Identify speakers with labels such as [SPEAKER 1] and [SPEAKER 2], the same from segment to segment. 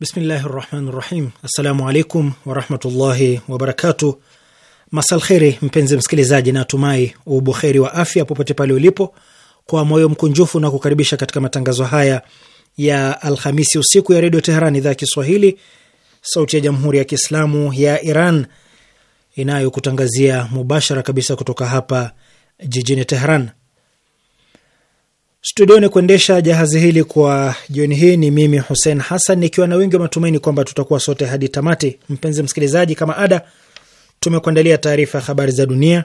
[SPEAKER 1] Bismillahi rahmani rahim. Assalamu alaikum warahmatullahi wabarakatuh. Masal kheri, mpenzi msikilizaji, natumai ubuheri wa afya popote pale ulipo. Kwa moyo mkunjufu na kukaribisha katika matangazo haya ya Alhamisi usiku ya Redio Teheran, idhaa ya Kiswahili, sauti ya Jamhuri ya Kiislamu ya Iran inayokutangazia mubashara kabisa kutoka hapa jijini Teheran. Studioni kuendesha jahazi hili kwa jioni hii ni mimi Hussein Hassan, nikiwa na wingi wa matumaini kwamba tutakuwa sote hadi tamati. Mpenzi msikilizaji, kama ada, tumekuandalia taarifa ya habari za dunia,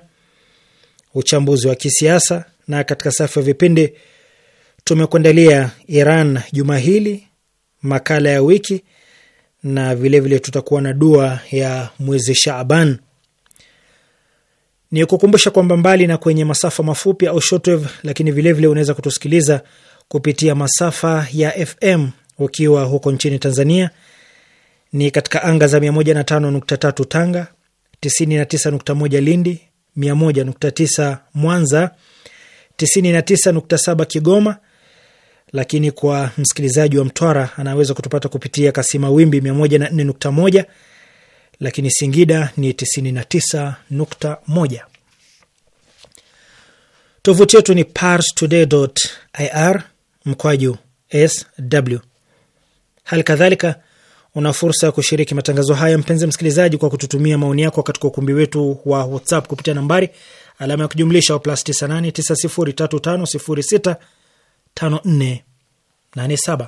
[SPEAKER 1] uchambuzi wa kisiasa, na katika safu ya vipindi tumekuandalia Iran juma hili, makala ya wiki, na vilevile vile tutakuwa na dua ya mwezi Shaaban ni kukumbusha kwamba mbali na kwenye masafa mafupi au shortwave, lakini vilevile unaweza kutusikiliza kupitia masafa ya FM ukiwa huko nchini Tanzania ni katika anga za 105.3 Tanga, 99.1 Lindi, 101.9 Mwanza, 99.7 Kigoma, lakini kwa msikilizaji wa Mtwara anaweza kutupata kupitia kasima wimbi 104.1 lakini Singida ni 99.1. Tovuti yetu ni parstoday.ir mkwaju sw. Hali kadhalika una fursa ya kushiriki matangazo haya, mpenzi msikilizaji, kwa kututumia maoni yako katika ukumbi wetu wa WhatsApp kupitia nambari alama ya kujumlisha wa plus 98 9035065487.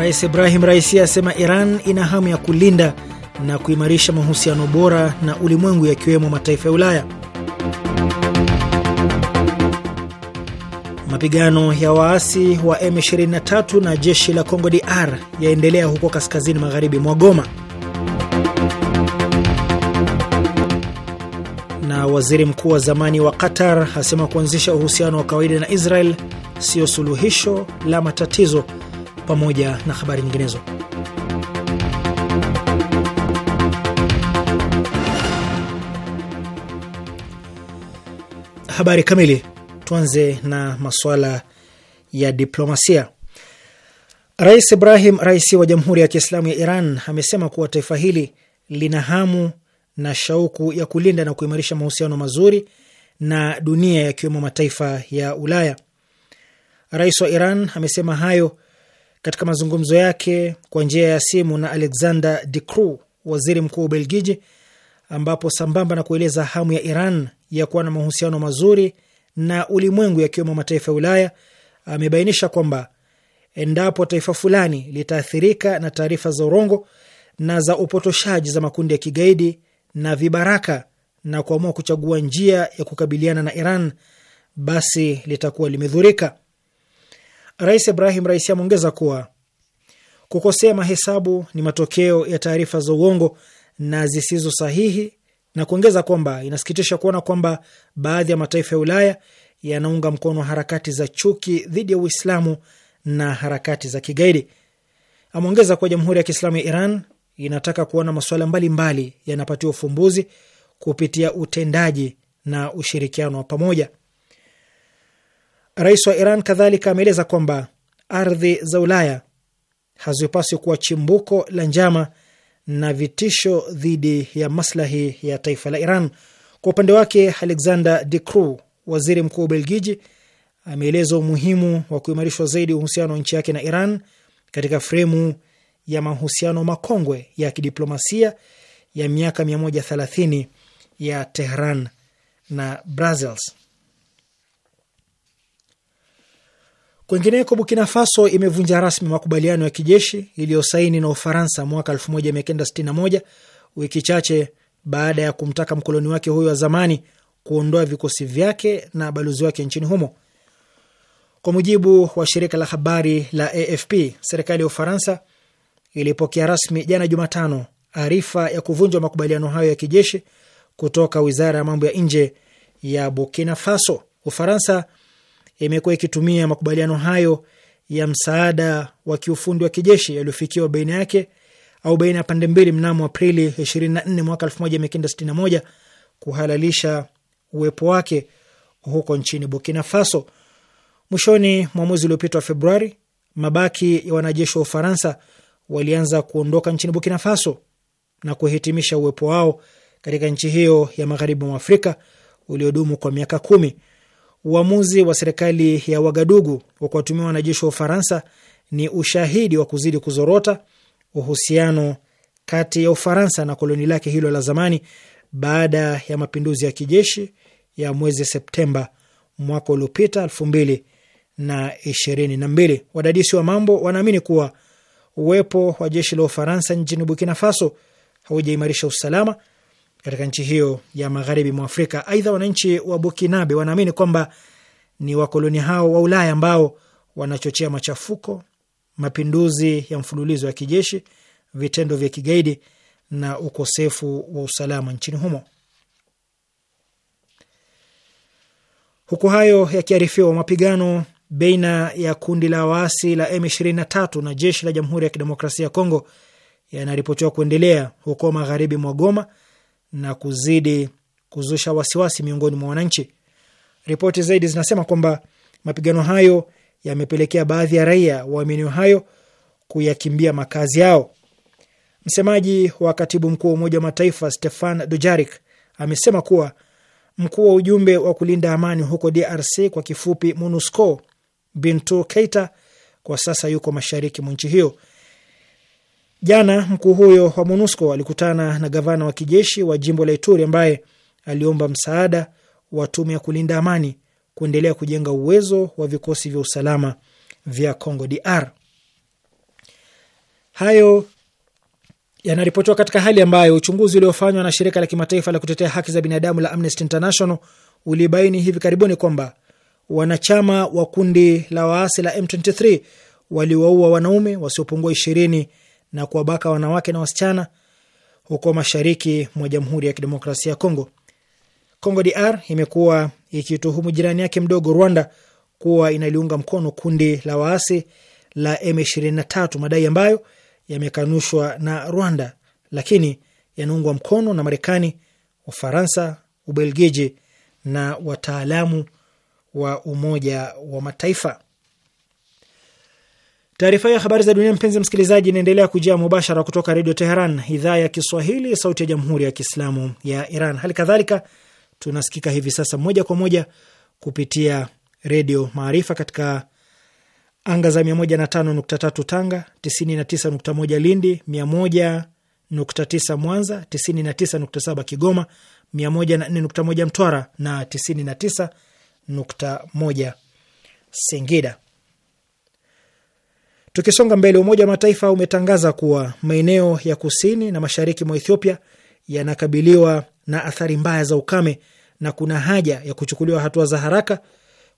[SPEAKER 1] Rais Ibrahim Raisi asema Iran ina hamu ya kulinda na kuimarisha mahusiano bora na ulimwengu yakiwemo mataifa ya Ulaya. Mapigano ya waasi wa M23 na jeshi la Congo DR yaendelea huko kaskazini magharibi mwa Goma. Na waziri mkuu wa zamani wa Qatar asema kuanzisha uhusiano wa kawaida na Israel sio suluhisho la matatizo pamoja na habari nyinginezo. Habari kamili. Tuanze na masuala ya diplomasia. Rais Ibrahim Raisi wa Jamhuri ya Kiislamu ya Iran amesema kuwa taifa hili lina hamu na shauku ya kulinda na kuimarisha mahusiano mazuri na dunia yakiwemo mataifa ya Ulaya. Rais wa Iran amesema hayo katika mazungumzo yake kwa njia ya simu na Alexander De Croo, waziri mkuu wa Ubelgiji, ambapo sambamba na kueleza hamu ya Iran ya kuwa na mahusiano mazuri na ulimwengu yakiwemo mataifa ya Ulaya, amebainisha kwamba endapo taifa fulani litaathirika na taarifa za urongo na za upotoshaji za makundi ya kigaidi na vibaraka na kuamua kuchagua njia ya kukabiliana na Iran, basi litakuwa limedhurika. Rais Ibrahim Raisi ameongeza kuwa kukosea mahesabu ni matokeo ya taarifa za uongo na zisizo sahihi, na kuongeza kwamba inasikitisha kuona kwamba baadhi ya mataifa ya Ulaya yanaunga mkono harakati za chuki dhidi ya Uislamu na harakati za kigaidi. Ameongeza kuwa Jamhuri ya Kiislamu ya Iran inataka kuona masuala mbalimbali yanapatiwa ufumbuzi kupitia utendaji na ushirikiano wa pamoja. Rais wa Iran kadhalika ameeleza kwamba ardhi za Ulaya hazipaswi kuwa chimbuko la njama na vitisho dhidi ya maslahi ya taifa la Iran. Kwa upande wake, Alexander De Croo, waziri mkuu wa Ubelgiji, ameeleza umuhimu wa kuimarishwa zaidi uhusiano wa nchi yake na Iran katika fremu ya mahusiano makongwe ya kidiplomasia ya miaka 130 ya Tehran na Brussels. Kwengineko, Burkina Faso imevunja rasmi makubaliano ya kijeshi iliyosaini na Ufaransa mwaka 1961 wiki chache baada ya kumtaka mkoloni wake huyo wa zamani kuondoa vikosi vyake na balozi wake nchini humo. Kwa mujibu wa shirika la habari la AFP, serikali ya Ufaransa ilipokea rasmi jana Jumatano arifa ya kuvunjwa makubaliano hayo ya kijeshi kutoka wizara ya mambo ya nje ya Burkina Faso. Ufaransa imekuwa ikitumia makubaliano hayo ya msaada wa kiufundi wa kijeshi yaliyofikiwa baina yake au baina ya pande mbili mnamo Aprili 24 mwaka 1961 kuhalalisha uwepo wake huko nchini Burkina Faso. Mwishoni mwa mwezi uliopita wa Februari, mabaki ya wanajeshi wa Ufaransa walianza kuondoka nchini Burkina Faso na kuhitimisha uwepo wao katika nchi hiyo ya magharibi mwa Afrika uliodumu kwa miaka kumi. Uamuzi wa serikali ya Wagadugu wa kuwatumia wanajeshi wa Ufaransa ni ushahidi wa kuzidi kuzorota uhusiano kati ya Ufaransa na koloni lake hilo la zamani baada ya mapinduzi ya kijeshi ya mwezi Septemba mwaka uliopita elfu mbili na ishirini na mbili. Wadadisi wa mambo wanaamini kuwa uwepo wa jeshi la Ufaransa nchini Burkina Faso haujaimarisha usalama katika nchi hiyo ya magharibi mwa Afrika. Aidha, wananchi wa Bukinabe wanaamini kwamba ni wakoloni hao wa Ulaya ambao wanachochea machafuko, mapinduzi ya mfululizo ya kijeshi, vitendo vya kigaidi na ukosefu wa usalama nchini humo. Huku hayo yakiarifiwa, mapigano baina ya kundi la waasi la M23 na jeshi la Jamhuri ya Kidemokrasia ya Kongo yanaripotiwa kuendelea huko magharibi mwa Goma na kuzidi kuzusha wasiwasi miongoni mwa wananchi. Ripoti zaidi zinasema kwamba mapigano hayo yamepelekea baadhi ya raia wa maeneo hayo kuyakimbia makazi yao. Msemaji wa katibu mkuu wa Umoja wa Mataifa Stefan Dujarik amesema kuwa mkuu wa ujumbe wa kulinda amani huko DRC kwa kifupi MONUSCO Bintu Keita kwa sasa yuko mashariki mwa nchi hiyo. Jana mkuu huyo wa MONUSCO alikutana na gavana wa kijeshi wa jimbo la Ituri ambaye aliomba msaada wa tume ya kulinda amani kuendelea kujenga uwezo wa vikosi vya usalama vya Congo DR. Hayo yanaripotiwa katika hali ambayo uchunguzi uliofanywa na shirika la kimataifa la kutetea haki za binadamu la Amnesty International ulibaini hivi karibuni kwamba wanachama wa kundi la waasi la M23 waliwaua wanaume wasiopungua ishirini na kuwabaka wanawake na wasichana huko mashariki mwa Jamhuri ya Kidemokrasia ya Kongo. Kongo DR imekuwa ikituhumu jirani yake mdogo Rwanda kuwa inaliunga mkono kundi la waasi la M23, madai ambayo yamekanushwa na Rwanda lakini yanaungwa mkono na Marekani, Ufaransa, Ubelgiji na wataalamu wa Umoja wa Mataifa. Taarifa hiyo ya habari za dunia, mpenzi msikilizaji, inaendelea kujia mubashara kutoka Redio Teheran, idhaa ya Kiswahili, sauti ya Jamhuri ya Kiislamu ya Iran. Hali kadhalika tunasikika hivi sasa moja kwa moja kupitia Redio Maarifa katika anga za 105.3 Tanga, 99.1 Lindi, 100.9 Mwanza, 99.7 Kigoma, 104.1 Mtwara na 99.1 Singida. Tukisonga mbele, Umoja wa Mataifa umetangaza kuwa maeneo ya kusini na mashariki mwa Ethiopia yanakabiliwa na athari mbaya za ukame na kuna haja ya kuchukuliwa hatua za haraka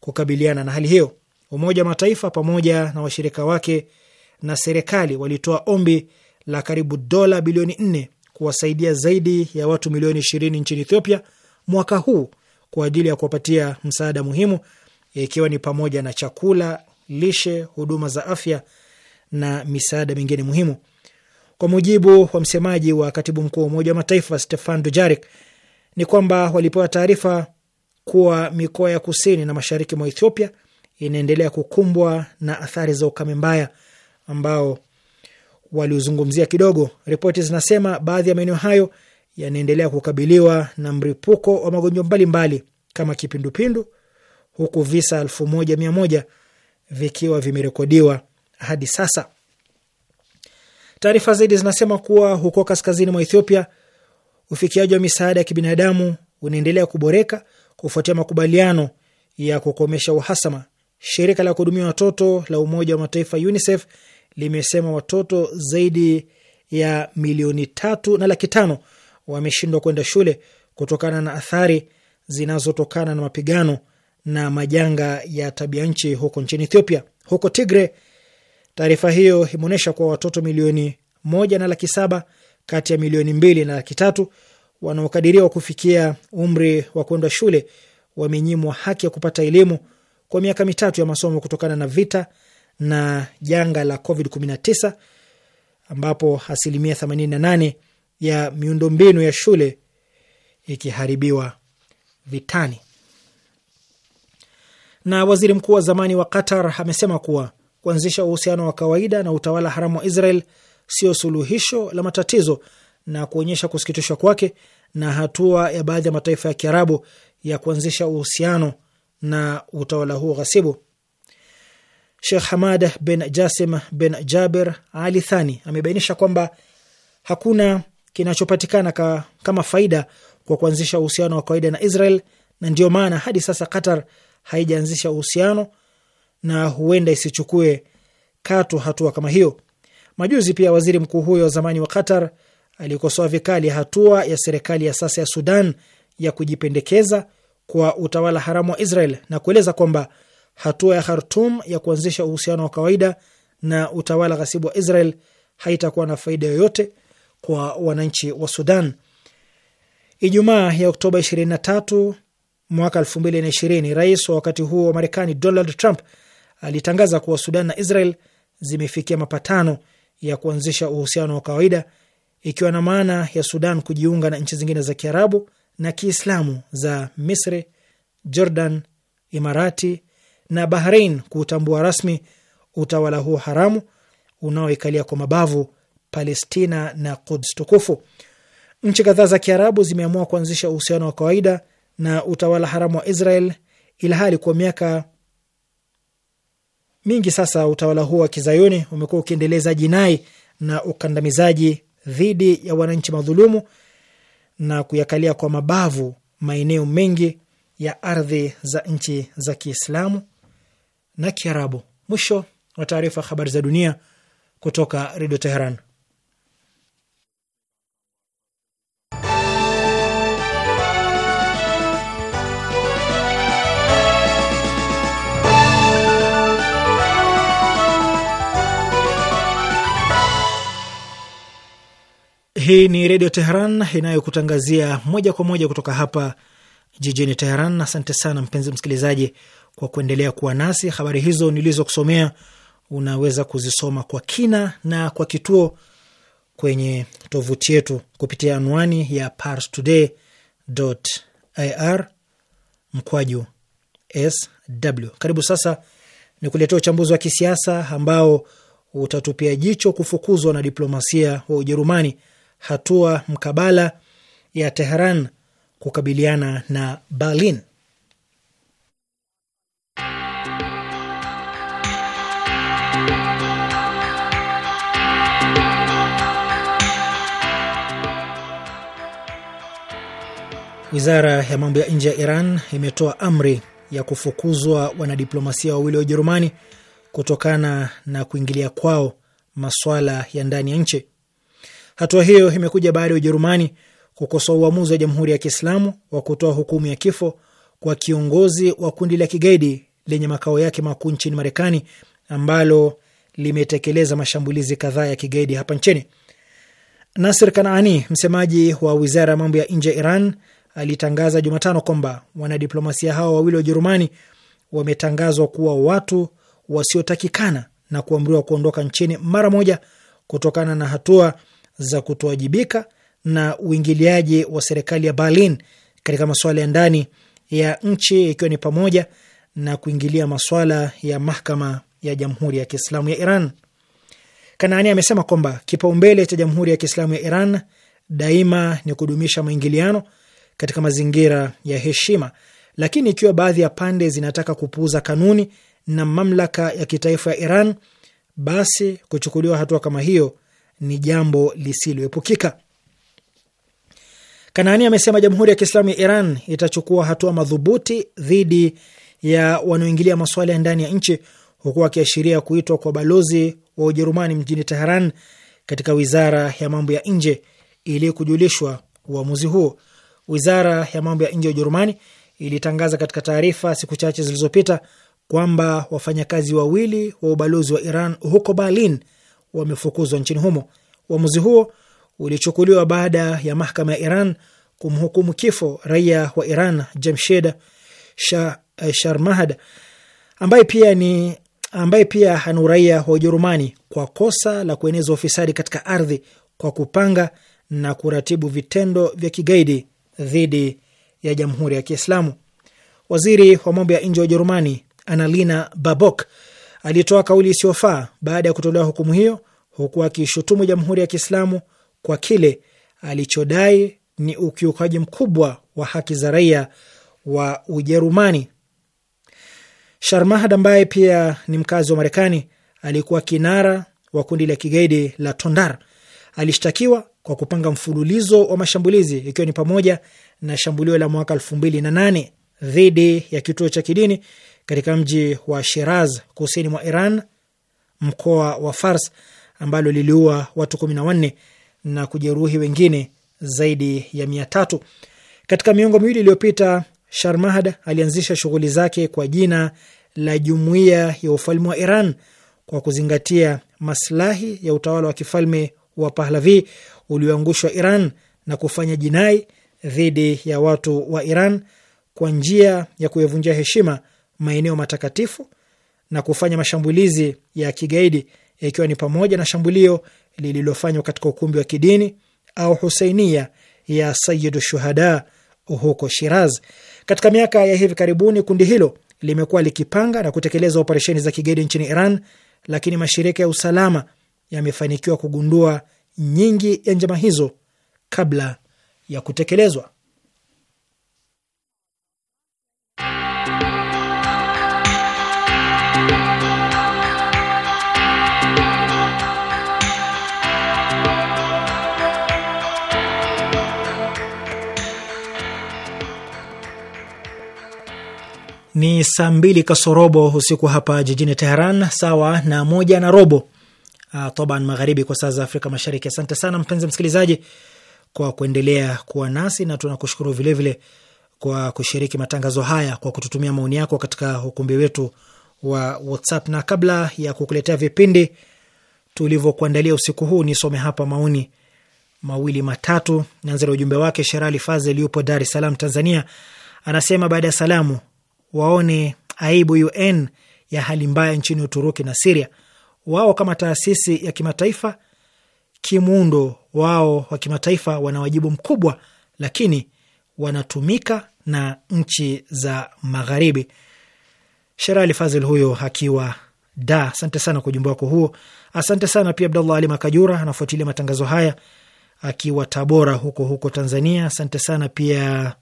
[SPEAKER 1] kukabiliana na hali hiyo. Umoja wa Mataifa pamoja na washirika wake na serikali walitoa ombi la karibu dola bilioni nne kuwasaidia zaidi ya watu milioni ishirini nchini Ethiopia mwaka huu kwa ajili ya kuwapatia msaada muhimu ikiwa ni pamoja na chakula, lishe, huduma za afya na misaada mingine muhimu. Kwa mujibu wa msemaji wa katibu mkuu wa Umoja wa Mataifa Stefan Dujarik ni kwamba walipewa taarifa kuwa mikoa ya kusini na mashariki mwa Ethiopia inaendelea kukumbwa na athari za ukame mbaya ambao waliuzungumzia kidogo. Ripoti zinasema baadhi ya maeneo hayo yanaendelea kukabiliwa na mripuko wa magonjwa mbalimbali kama kipindupindu, huku visa elfu moja mia moja vikiwa vimerekodiwa hadi sasa. Taarifa zaidi zinasema kuwa huko kaskazini mwa Ethiopia ufikiaji wa misaada ya kibinadamu unaendelea kuboreka kufuatia makubaliano ya kukomesha uhasama. Shirika la kuhudumia watoto la Umoja wa Mataifa UNICEF limesema watoto zaidi ya milioni tatu na laki tano wameshindwa kwenda shule kutokana na athari zinazotokana na mapigano na majanga ya tabia nchi huko nchini Ethiopia. Huko Tigre Taarifa hiyo imeonyesha kuwa watoto milioni moja na laki saba kati ya milioni mbili na laki tatu wanaokadiriwa kufikia umri wa kwenda shule wamenyimwa haki ya kupata elimu kwa miaka mitatu ya masomo kutokana na vita na janga la COVID-19 ambapo asilimia 88 ya miundombinu ya shule ikiharibiwa vitani. Na waziri mkuu wa zamani wa Qatar amesema kuwa kuanzisha uhusiano wa kawaida na utawala haramu wa Israel sio suluhisho la matatizo na kuonyesha kusikitishwa kwake na hatua ya baadhi ya mataifa ya Kiarabu ya kuanzisha uhusiano na utawala huo ghasibu. Sheikh Hamad bin Jasim bin Jaber Ali Thani amebainisha kwamba hakuna kinachopatikana ka, kama faida kwa kuanzisha uhusiano wa kawaida na Israel na ndiyo maana hadi sasa Qatar haijaanzisha uhusiano na huenda isichukue katu hatua kama hiyo. Majuzi pia waziri mkuu huyo wa zamani wa Qatar alikosoa vikali hatua ya serikali ya sasa ya Sudan ya kujipendekeza kwa utawala haramu wa Israel na kueleza kwamba hatua ya Khartum ya kuanzisha uhusiano wa kawaida na utawala ghasibu wa Israel haitakuwa na faida yoyote kwa wananchi wa Sudan. Ijumaa ya Oktoba 23 mwaka 2020, rais wa wakati huo wa Marekani Donald Trump alitangaza kuwa Sudan na Israel zimefikia mapatano ya kuanzisha uhusiano wa kawaida, ikiwa na maana ya Sudan kujiunga na nchi zingine za Kiarabu na Kiislamu za Misri, Jordan, Imarati na Bahrain kuutambua rasmi utawala huo haramu unaoikalia kwa mabavu Palestina na Quds tukufu. Nchi kadhaa za Kiarabu zimeamua kuanzisha uhusiano wa kawaida na utawala haramu wa Israel ilhali kwa miaka mingi sasa utawala huo wa kizayuni umekuwa ukiendeleza jinai na ukandamizaji dhidi ya wananchi madhulumu na kuyakalia kwa mabavu maeneo mengi ya ardhi za nchi za Kiislamu na Kiarabu. Mwisho wa taarifa. Habari za dunia kutoka Redio Teheran. Hii ni Redio Teheran inayokutangazia moja kwa moja kutoka hapa jijini Teheran. Asante sana mpenzi msikilizaji kwa kuendelea kuwa nasi. Habari hizo nilizokusomea unaweza kuzisoma kwa kina na kwa kituo kwenye tovuti yetu kupitia anwani ya parstoday.ir mkwaju sw. Karibu sasa ni kuletea uchambuzi wa kisiasa ambao utatupia jicho kufukuzwa na diplomasia wa Ujerumani hatua mkabala ya Teheran kukabiliana na Berlin. Wizara ya mambo ya nje ya Iran imetoa amri ya kufukuzwa wanadiplomasia wawili wa Ujerumani kutokana na kuingilia kwao masuala ya ndani ya nchi. Hatua hiyo imekuja baada ya Ujerumani kukosoa uamuzi wa Jamhuri ya Kiislamu wa kutoa hukumu ya kifo kwa kiongozi wa kundi la kigaidi lenye makao yake makuu nchini Marekani ambalo limetekeleza mashambulizi kadhaa ya kigaidi hapa nchini. Nasir Kanaani, msemaji wa wizara ya mambo ya nje ya Iran, alitangaza Jumatano kwamba wanadiplomasia hao wawili wa Ujerumani wametangazwa kuwa watu wasiotakikana na kuamriwa kuondoka nchini mara moja kutokana na hatua za kutowajibika na uingiliaji wa serikali ya Berlin katika masuala ya ndani ya nchi ikiwa ni pamoja na kuingilia masuala ya mahakama ya Jamhuri ya Kiislamu ya Iran. Kanaani amesema kwamba kipaumbele cha Jamhuri ya Kiislamu ya Iran daima ni kudumisha maingiliano katika mazingira ya heshima, lakini ikiwa baadhi ya pande zinataka kupuuza kanuni na mamlaka ya kitaifa ya Iran, basi kuchukuliwa hatua kama hiyo ni jambo lisiloepukika. Kanaani amesema Jamhuri ya Kiislamu ya Iran itachukua hatua madhubuti dhidi ya wanaoingilia masuala ya ndani ya nchi, huku akiashiria kuitwa kwa balozi wa Ujerumani mjini Teheran katika wizara ya mambo ya nje ili kujulishwa uamuzi huo. Wizara ya mambo ya nje ya Ujerumani ilitangaza katika taarifa siku chache zilizopita kwamba wafanyakazi wawili wa ubalozi wa Iran huko Berlin wamefukuzwa nchini humo. Uamuzi huo ulichukuliwa baada ya mahakama ya Iran kumhukumu kifo raia wa Iran Jamshed eh, Sharmahd ambaye pia ni ambaye pia ana uraia wa Ujerumani kwa kosa la kueneza ufisadi katika ardhi kwa kupanga na kuratibu vitendo vya kigaidi dhidi ya Jamhuri ya Kiislamu. Waziri wa mambo ya nje wa Ujerumani Annalena Baerbock alitoa kauli isiyofaa baada ya kutolewa hukumu hiyo, huku akiishutumu Jamhuri ya Kiislamu kwa kile alichodai ni ukiukaji mkubwa wa haki za raia wa Ujerumani. Sharmahad ambaye pia ni mkazi wa Marekani alikuwa kinara wa kundi la kigaidi la Tondar alishtakiwa kwa kupanga mfululizo wa mashambulizi ikiwa ni pamoja na shambulio la mwaka elfu mbili na nane dhidi ya kituo cha kidini katika mji wa Shiraz kusini mwa Iran, mkoa wa Fars, ambalo liliua watu kumi na wanne na kujeruhi wengine zaidi ya mia tatu. Katika miongo miwili iliyopita, Sharmahd alianzisha shughuli zake kwa jina la Jumuiya ya Ufalme wa Iran kwa kuzingatia maslahi ya utawala wa kifalme wa Pahlavi ulioangushwa Iran na kufanya jinai dhidi ya watu wa Iran kwa njia ya kuyavunjia heshima maeneo matakatifu na kufanya mashambulizi ya kigaidi ikiwa ni pamoja na shambulio lililofanywa katika ukumbi wa kidini au husainia ya Sayyidu Shuhada huko Shiraz. Katika miaka ya hivi karibuni, kundi hilo limekuwa likipanga na kutekeleza operesheni za kigaidi nchini Iran, lakini mashirika ya usalama yamefanikiwa kugundua nyingi ya njama hizo kabla ya kutekelezwa. ni saa mbili kasorobo usiku hapa jijini Teheran, sawa na moja na robo uh, toban magharibi kwa saa za Afrika Mashariki. Asante sana mpenzi msikilizaji kwa kuendelea kuwa nasi na tunakushukuru vilevile kwa kushiriki matangazo haya kwa kututumia maoni yako katika ukumbi wetu wa WhatsApp. Na kabla ya kukuletea vipindi tulivyokuandalia usiku huu, nisome hapa maoni mawili matatu. Nianze na ujumbe wake Sherali Fazel, yupo Dar es Salaam, Tanzania, anasema: baada ya salamu, waone aibu UN ya hali mbaya nchini Uturuki na Siria. Wao kama taasisi ya kimataifa, kimuundo wao wa kimataifa, wana wajibu mkubwa, lakini wanatumika na nchi za Magharibi. Sherali Fazil huyo akiwa da. Asante sana kwa ujumbe wako huo. Asante sana pia Abdallah Ali Makajura anafuatilia matangazo haya akiwa Tabora huko huko Tanzania. Asante sana pia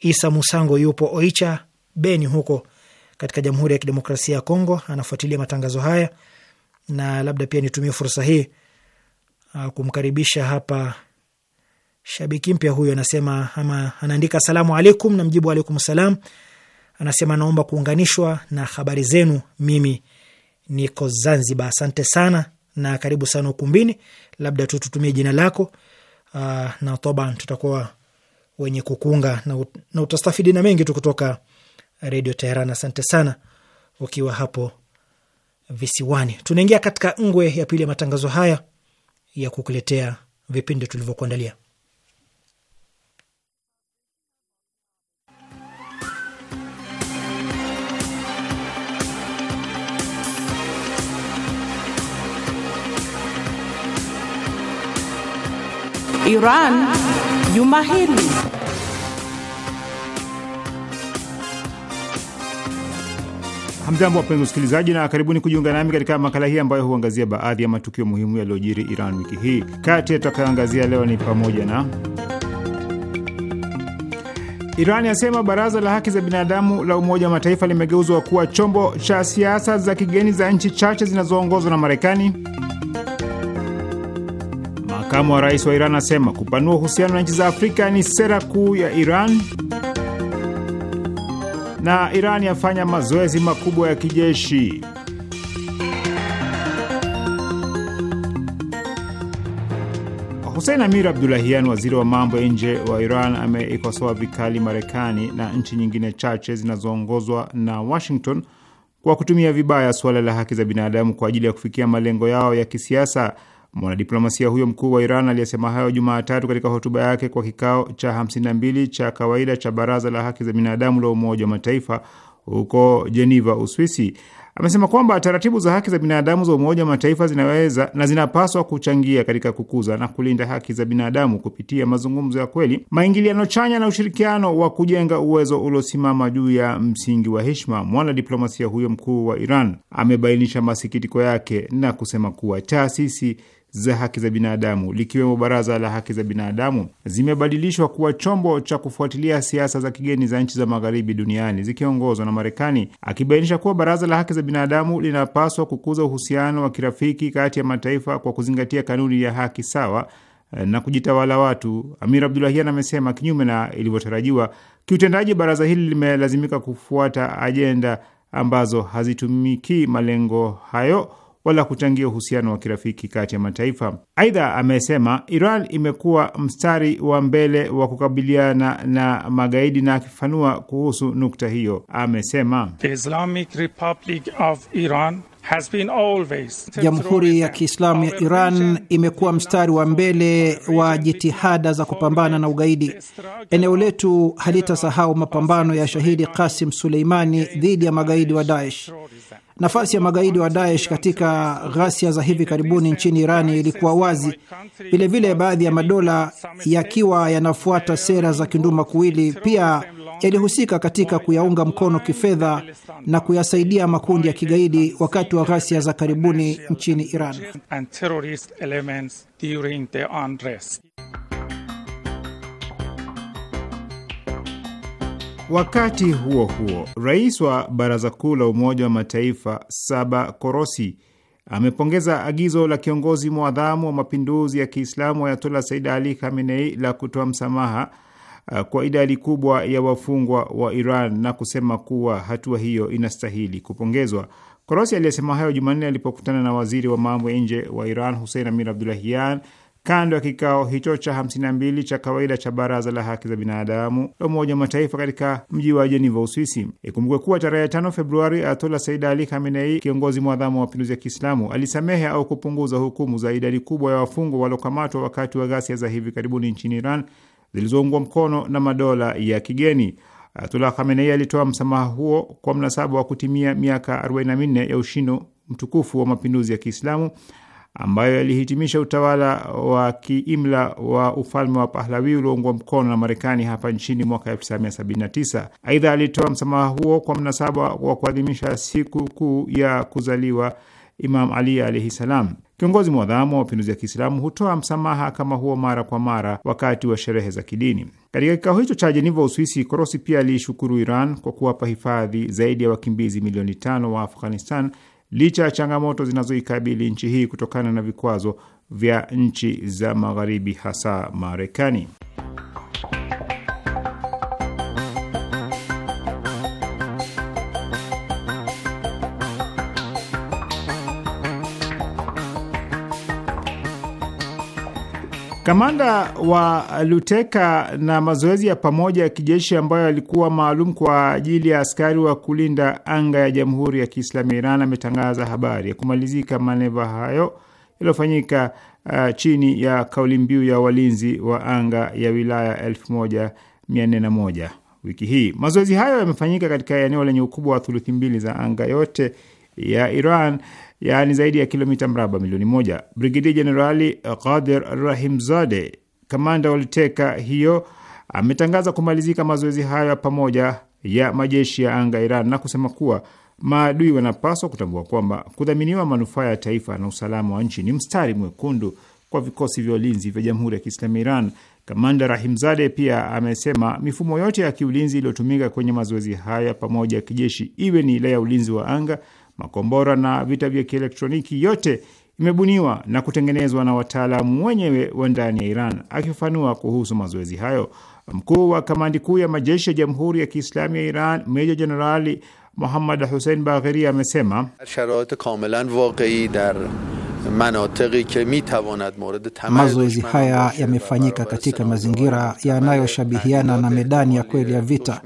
[SPEAKER 1] Isa Musango yupo Oicha Beni huko katika Jamhuri ya Kidemokrasia ya Kongo anafuatilia matangazo haya, na labda pia nitumie fursa hii uh, kumkaribisha hapa shabiki mpya huyu. Anasema ama anaandika salamu alaikum, na mjibu alaikum salam. Anasema naomba kuunganishwa na habari zenu, mimi niko Zanzibar. Asante sana na karibu sana ukumbini, labda tu tutumie jina lako uh, na toban, tutakuwa wenye kukunga na utastafidi na mengi tu kutoka Redio Teheran. Asante sana ukiwa hapo visiwani. Tunaingia katika ngwe ya pili ya matangazo haya ya kukuletea vipindi tulivyokuandalia.
[SPEAKER 2] Iran juma hili
[SPEAKER 3] Hamjambo, wapenzi usikilizaji, na karibuni kujiunga nami katika makala hii ambayo huangazia baadhi ya matukio muhimu yaliyojiri Iran wiki hii. Kati ya tutakayoangazia leo ni pamoja na Iran yasema baraza la haki za binadamu la Umoja wa Mataifa limegeuzwa kuwa chombo cha siasa za kigeni za nchi chache zinazoongozwa na Marekani. Makamu wa rais wa Iran asema kupanua uhusiano na nchi za Afrika ni sera kuu ya Iran na Iran yafanya mazoezi makubwa ya kijeshi. Hussein Amir Abdulahian, waziri wa mambo ya nje wa Iran, ameikosoa vikali Marekani na nchi nyingine chache zinazoongozwa na Washington kwa kutumia vibaya suala la haki za binadamu kwa ajili ya kufikia malengo yao ya kisiasa. Mwanadiplomasia huyo mkuu wa Iran aliyesema hayo Jumatatu katika hotuba yake kwa kikao cha 52 cha kawaida cha Baraza la Haki za Binadamu la Umoja wa Mataifa huko Jeneva, Uswisi, amesema kwamba taratibu za haki za binadamu za Umoja wa Mataifa zinaweza na zinapaswa kuchangia katika kukuza na kulinda haki za binadamu kupitia mazungumzo ya kweli, maingiliano chanya na ushirikiano wa kujenga uwezo uliosimama juu ya msingi wa heshima. Mwanadiplomasia huyo mkuu wa Iran amebainisha masikitiko yake na kusema kuwa taasisi za haki za binadamu likiwemo Baraza la Haki za Binadamu zimebadilishwa kuwa chombo cha kufuatilia siasa za kigeni za nchi za magharibi duniani zikiongozwa na Marekani, akibainisha kuwa Baraza la Haki za Binadamu linapaswa kukuza uhusiano wa kirafiki kati ya mataifa kwa kuzingatia kanuni ya haki sawa eh, na kujitawala watu. Amir Abdulahian amesema kinyume na ilivyotarajiwa kiutendaji, baraza hili limelazimika kufuata ajenda ambazo hazitumikii malengo hayo wala kuchangia uhusiano wa kirafiki kati ya mataifa. Aidha, amesema Iran imekuwa mstari wa mbele wa kukabiliana na magaidi, na akifafanua kuhusu nukta hiyo amesema Jamhuri ya Kiislamu ya
[SPEAKER 4] Iran imekuwa mstari wa mbele wa jitihada za kupambana na ugaidi. Eneo letu halitasahau mapambano ya shahidi kasim Suleimani dhidi ya magaidi wa Daesh. Nafasi ya magaidi wa Daesh katika ghasia za hivi karibuni nchini Irani ilikuwa wazi. Vilevile, baadhi ya madola yakiwa yanafuata sera za kinduma kuwili, pia yalihusika katika kuyaunga mkono kifedha na kuyasaidia makundi ya kigaidi wakati wa ghasia za karibuni nchini Iran.
[SPEAKER 3] Wakati huo huo, rais wa Baraza Kuu la Umoja wa Mataifa Saba Korosi amepongeza agizo la kiongozi mwadhamu wa mapinduzi ya Kiislamu Ayatola Said Ali Khamenei la kutoa msamaha uh, kwa idadi kubwa ya wafungwa wa Iran na kusema kuwa hatua hiyo inastahili kupongezwa. Korosi aliyesema hayo Jumanne alipokutana na waziri wa mambo ya nje wa Iran Hussein Amir Abdulahian kando ya kikao hicho cha 52 cha kawaida cha baraza la haki za binadamu la Umoja wa Mataifa katika mji wa Jeneva, Uswisi. Ikumbukwe kuwa tarehe 5 Februari, Ayatollah Said Ali Khamenei, kiongozi mwadhamu wa mapinduzi ya Kiislamu, alisamehe au kupunguza hukumu za idadi kubwa ya wafungwa waliokamatwa wakati wa ghasia za hivi karibuni nchini Iran zilizoungwa mkono na madola ya kigeni. Ayatollah Khamenei alitoa msamaha huo kwa mnasaba wa kutimia miaka 44 ya ushindi mtukufu wa mapinduzi ya Kiislamu ambayo yalihitimisha utawala wa kiimla wa ufalme wa pahlawi ulioungwa mkono na Marekani hapa nchini mwaka 1979. Aidha, alitoa msamaha huo kwa mnasaba wa kuadhimisha siku kuu ya kuzaliwa Imam Ali alaihi salam. Kiongozi mwadhamu wa mapinduzi ya Kiislamu hutoa msamaha kama huo mara kwa mara wakati wa sherehe za kidini. Katika kikao hicho cha Jeniva, Uswisi, Korosi pia aliishukuru Iran kwa kuwapa hifadhi zaidi ya wakimbizi milioni tano wa Afghanistan licha ya changamoto zinazoikabili nchi hii kutokana na vikwazo vya nchi za Magharibi, hasa Marekani. Kamanda wa Luteka na mazoezi ya pamoja ya kijeshi ambayo yalikuwa maalum kwa ajili ya askari wa kulinda anga ya Jamhuri ya Kiislamu ya Iran ametangaza habari ya kumalizika maneva hayo yaliyofanyika uh, chini ya kauli mbiu ya walinzi wa anga ya wilaya 1401 wiki hii. Mazoezi hayo yamefanyika katika eneo lenye ukubwa wa thuluthi mbili za anga yote ya Iran yaani zaidi ya kilomita mraba milioni moja. Brigedia Jenerali Qadir Rahimzade, kamanda waliteka hiyo, ametangaza kumalizika mazoezi hayo ya pamoja ya majeshi ya anga Iran na kusema kuwa maadui wanapaswa kutambua kwamba kudhaminiwa manufaa ya taifa na usalama wa nchi ni mstari mwekundu kwa vikosi vya ulinzi vya Jamhuri ya Kiislamu Iran. Kamanda Rahimzade pia amesema mifumo yote ya kiulinzi iliyotumika kwenye mazoezi haya pamoja ya kijeshi, iwe ni ile ya ulinzi wa anga makombora na vita vya kielektroniki, yote imebuniwa na kutengenezwa na wataalamu wenyewe wa ndani ya Iran. Akifafanua kuhusu mazoezi hayo, mkuu wa kamandi kuu ya majeshi ya Jamhuri ya Kiislamu ya Iran meja jenerali Muhammad
[SPEAKER 5] Hussein Bagheri
[SPEAKER 3] amesema
[SPEAKER 5] mazoezi haya
[SPEAKER 4] yamefanyika katika mazingira yanayoshabihiana na medani ya kweli ya vita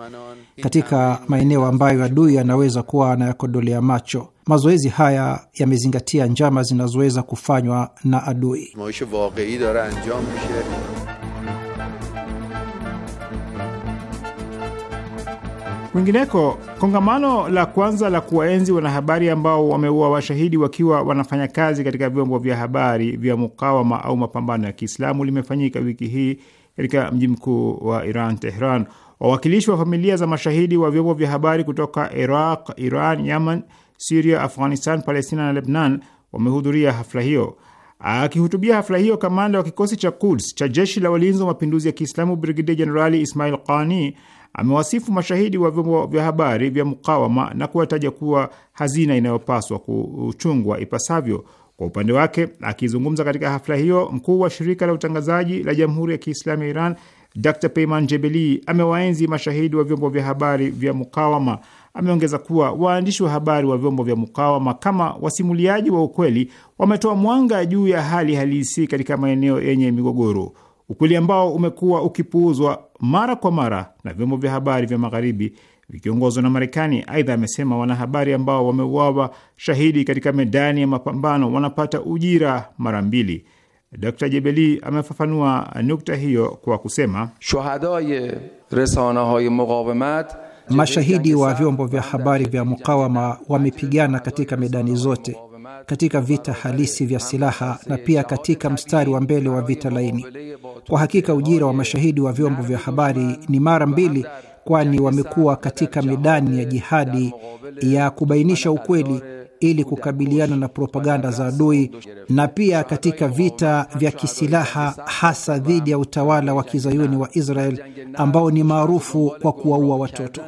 [SPEAKER 4] katika maeneo ambayo adui anaweza kuwa anayakodolea macho. Mazoezi haya yamezingatia njama zinazoweza kufanywa na adui.
[SPEAKER 3] Kwingineko, kongamano la kwanza la kuwaenzi wanahabari ambao wameua washahidi wakiwa wanafanya kazi katika vyombo vya habari vya mukawama au mapambano ya Kiislamu limefanyika wiki hii katika mji mkuu wa Iran, Tehran. Wawakilishi wa familia za mashahidi wa vyombo vya habari kutoka Iraq, Iran, Yaman, Siria, Afghanistan, Palestina na Lebnan wamehudhuria hafla hiyo. Akihutubia hafla hiyo, kamanda wa kikosi cha Quds cha jeshi la walinzi wa mapinduzi ya Kiislamu Brigedia Jenerali Ismail Qani amewasifu mashahidi wa vyombo vya habari vya mukawama na kuwataja kuwa hazina inayopaswa kuchungwa ipasavyo. Kwa upande wake, akizungumza katika hafla hiyo, mkuu wa shirika la utangazaji la Jamhuri ya Kiislamu ya Iran Dr Peyman Jebeli amewaenzi mashahidi wa vyombo vya habari vya mukawama. Ameongeza kuwa waandishi wa habari wa vyombo vya mukawama kama wasimuliaji wa ukweli wametoa mwanga juu ya hali halisi katika maeneo yenye migogoro, ukweli ambao umekuwa ukipuuzwa mara kwa mara na vyombo vya habari vya magharibi vikiongozwa na Marekani. Aidha, amesema wanahabari ambao wameuawa shahidi katika medani ya mapambano wanapata ujira mara mbili. Dr Jebeli amefafanua nukta hiyo kwa kusema shuhadaye resanahay muqawamat
[SPEAKER 4] Mashahidi wa vyombo vya habari vya mukawama wamepigana katika medani zote, katika vita halisi vya silaha na pia katika mstari wa mbele wa vita laini. Kwa hakika ujira wa mashahidi wa vyombo vya habari ni mara mbili, kwani wamekuwa katika medani ya jihadi ya kubainisha ukweli ili kukabiliana na propaganda za adui na pia katika vita vya kisilaha hasa dhidi ya utawala wa kizayuni wa Israel ambao ni maarufu kwa kuwaua watoto.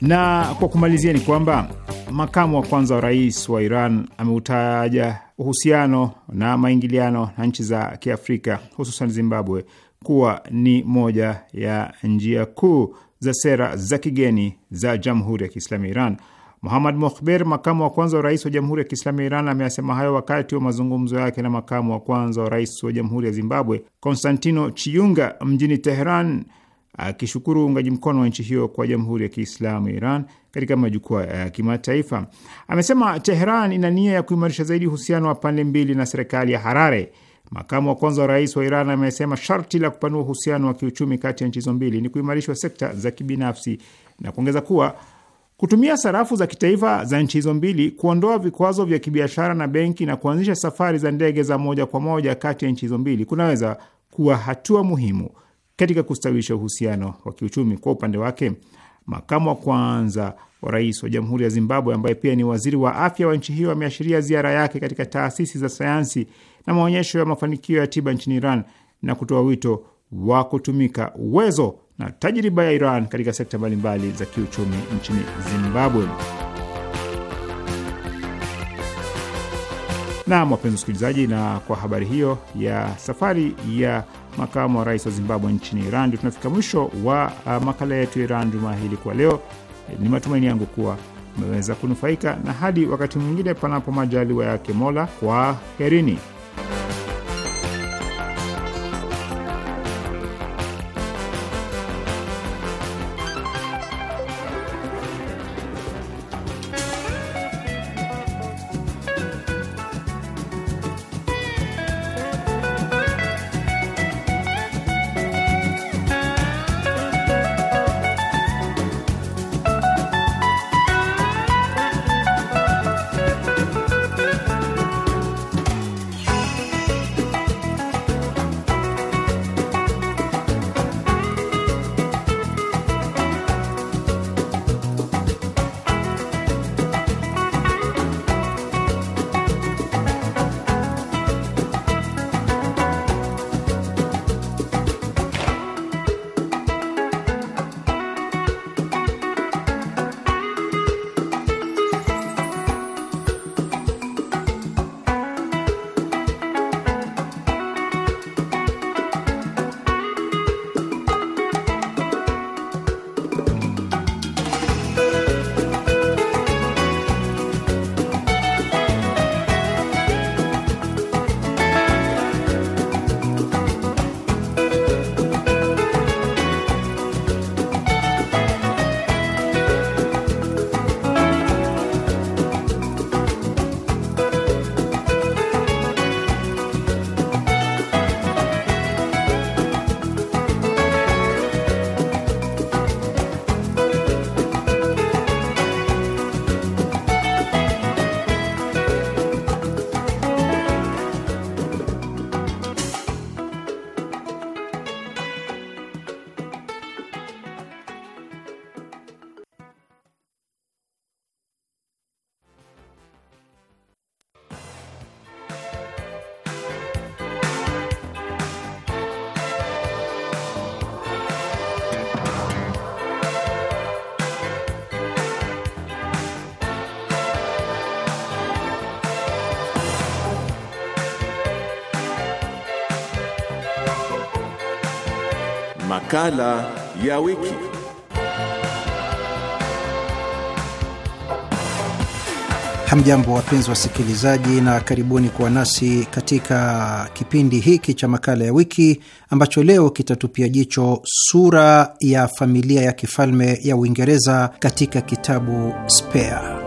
[SPEAKER 3] Na kwa kumalizia ni kwamba makamu wa kwanza wa rais wa Iran ameutaja uhusiano na maingiliano na nchi za Kiafrika hususan Zimbabwe kuwa ni moja ya njia kuu za sera za kigeni za Jamhuri ya Kiislamu ya Iran. Muhamad Mohber, makamu wa kwanza wa rais wa Jamhuri ya Kiislamu ya Iran, ameyasema hayo wakati wa mazungumzo yake na makamu wa kwanza wa rais wa Jamhuri ya Zimbabwe Konstantino Chiunga mjini Teheran, akishukuru uungaji mkono wa nchi hiyo kwa Jamhuri ya Kiislamu ya Iran katika majukwaa ya kimataifa. Amesema Tehran ina nia ya kuimarisha zaidi uhusiano wa pande mbili na serikali ya Harare. Makamu wa kwanza wa rais wa Iran amesema sharti la kupanua uhusiano wa kiuchumi kati ya nchi hizo mbili ni kuimarishwa sekta za kibinafsi na kuongeza kuwa kutumia sarafu za kitaifa za nchi hizo mbili, kuondoa vikwazo vya kibiashara na benki na kuanzisha safari za ndege za moja kwa moja kati ya nchi hizo mbili kunaweza kuwa hatua muhimu katika kustawisha uhusiano wa kiuchumi. Kwa upande wake, makamu wa kwanza wa rais wa Jamhuri ya Zimbabwe ambaye pia ni waziri wa afya wa nchi hiyo ameashiria ziara yake katika taasisi za sayansi na maonyesho ya mafanikio ya tiba nchini Iran na kutoa wito wa kutumika uwezo na tajriba ya Iran katika sekta mbalimbali za kiuchumi nchini Zimbabwe. Naam, wapenzi wasikilizaji, na kwa habari hiyo ya safari ya makamu wa rais wa Zimbabwe nchini Iran. Ndio tunafika mwisho wa uh, makala yetu ya Iran juma hili kwa leo. Eh, ni matumaini yangu kuwa umeweza kunufaika, na hadi wakati mwingine, panapo majaliwa yake Mola, kwaherini.
[SPEAKER 2] Makala ya wiki.
[SPEAKER 4] Hamjambo, wapenzi wasikilizaji, na karibuni kuwa nasi katika kipindi hiki cha makala ya wiki ambacho leo kitatupia jicho sura ya familia ya kifalme ya Uingereza katika kitabu Spare.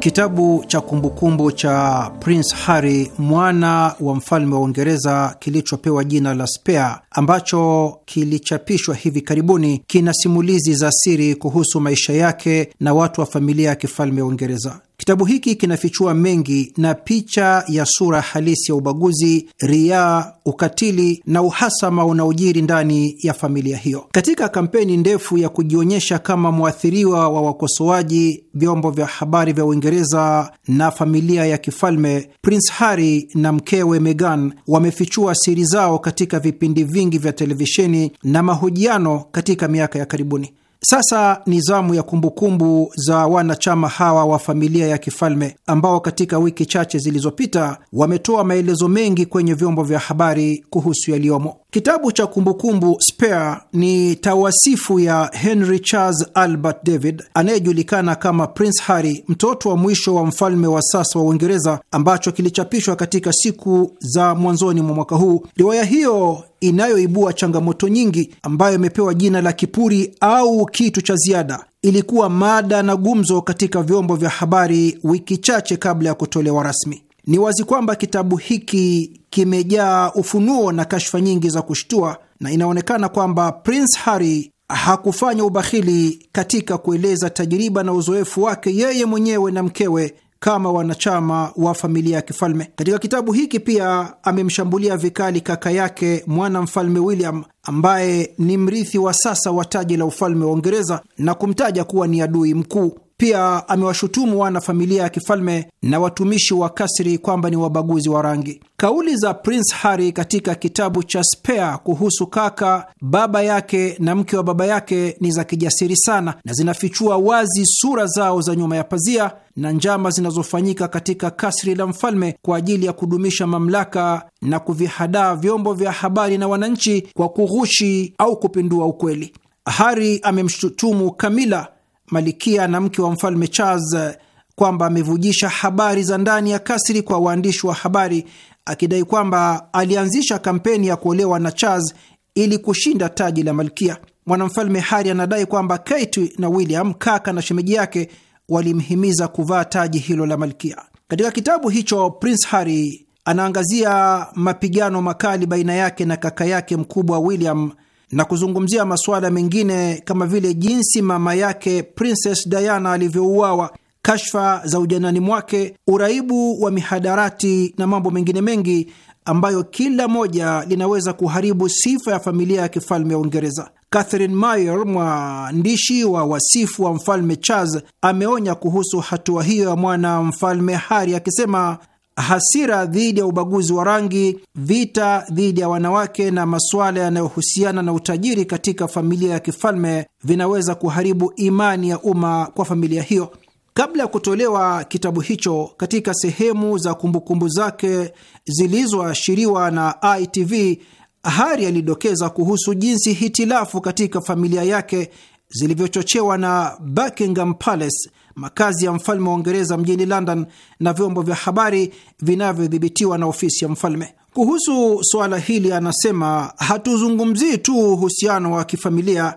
[SPEAKER 4] Kitabu cha kumbukumbu cha Prince Harry mwana wa mfalme wa Uingereza kilichopewa jina la Spare ambacho kilichapishwa hivi karibuni kina simulizi za siri kuhusu maisha yake na watu wa familia ya kifalme ya Uingereza. Kitabu hiki kinafichua mengi na picha ya sura halisi ya ubaguzi, riaa, ukatili na uhasama unaojiri ndani ya familia hiyo. Katika kampeni ndefu ya kujionyesha kama mwathiriwa wa wakosoaji, vyombo vya habari vya Uingereza na familia ya kifalme, Prince Harry na mkewe Meghan wamefichua siri zao katika vipindi vingi vya televisheni na mahojiano katika miaka ya karibuni. Sasa ni zamu ya kumbukumbu za wanachama hawa wa familia ya kifalme ambao katika wiki chache zilizopita wametoa maelezo mengi kwenye vyombo vya habari kuhusu yaliyomo. Kitabu cha kumbukumbu Spare ni tawasifu ya Henry Charles Albert David anayejulikana kama Prince Harry, mtoto wa mwisho wa mfalme wa sasa wa Uingereza, ambacho kilichapishwa katika siku za mwanzoni mwa mwaka huu. Riwaya hiyo inayoibua changamoto nyingi ambayo imepewa jina la kipuri au kitu cha ziada, ilikuwa mada na gumzo katika vyombo vya habari wiki chache kabla ya kutolewa rasmi. Ni wazi kwamba kitabu hiki kimejaa ufunuo na kashfa nyingi za kushtua, na inaonekana kwamba Prince Harry hakufanya ubahili katika kueleza tajiriba na uzoefu wake yeye mwenyewe na mkewe kama wanachama wa familia ya kifalme. Katika kitabu hiki pia amemshambulia vikali kaka yake mwana mfalme William ambaye ni mrithi wa sasa wa taji la ufalme wa Uingereza na kumtaja kuwa ni adui mkuu. Pia amewashutumu wana familia ya kifalme na watumishi wa kasri kwamba ni wabaguzi wa rangi. Kauli za Prince Harry katika kitabu cha Spare kuhusu kaka, baba yake na mke wa baba yake ni za kijasiri sana na zinafichua wazi sura zao za nyuma ya pazia na njama zinazofanyika katika kasri la mfalme kwa ajili ya kudumisha mamlaka na kuvihadaa vyombo vya habari na wananchi kwa kughushi au kupindua ukweli. Harry amemshutumu Kamila malikia na mke wa mfalme Charles eh, kwamba amevujisha habari za ndani ya kasri kwa waandishi wa habari, akidai kwamba alianzisha kampeni ya kuolewa na Charles ili kushinda taji la malkia. Mwanamfalme Harry anadai kwamba Kate na William, kaka na shemeji yake, walimhimiza kuvaa taji hilo la malkia. Katika kitabu hicho, Prince Harry anaangazia mapigano makali baina yake na kaka yake mkubwa William na kuzungumzia masuala mengine kama vile jinsi mama yake Princess Diana alivyouawa, kashfa za ujanani mwake, uraibu wa mihadarati na mambo mengine mengi ambayo kila moja linaweza kuharibu sifa ya familia ya kifalme ya Uingereza. Catherine Mayer, mwandishi wa wasifu wa mfalme Charles, ameonya kuhusu hatua hiyo ya mwana mfalme Harry akisema, hasira dhidi ya ubaguzi wa rangi, vita dhidi ya wanawake na masuala yanayohusiana na utajiri katika familia ya kifalme vinaweza kuharibu imani ya umma kwa familia hiyo. Kabla ya kutolewa kitabu hicho, katika sehemu za kumbukumbu zake zilizoashiriwa na ITV, Hari alidokeza kuhusu jinsi hitilafu katika familia yake zilivyochochewa na Buckingham Palace makazi ya mfalme wa Uingereza mjini London na vyombo vya habari vinavyodhibitiwa na ofisi ya mfalme. Kuhusu suala hili anasema, hatuzungumzii tu uhusiano wa kifamilia,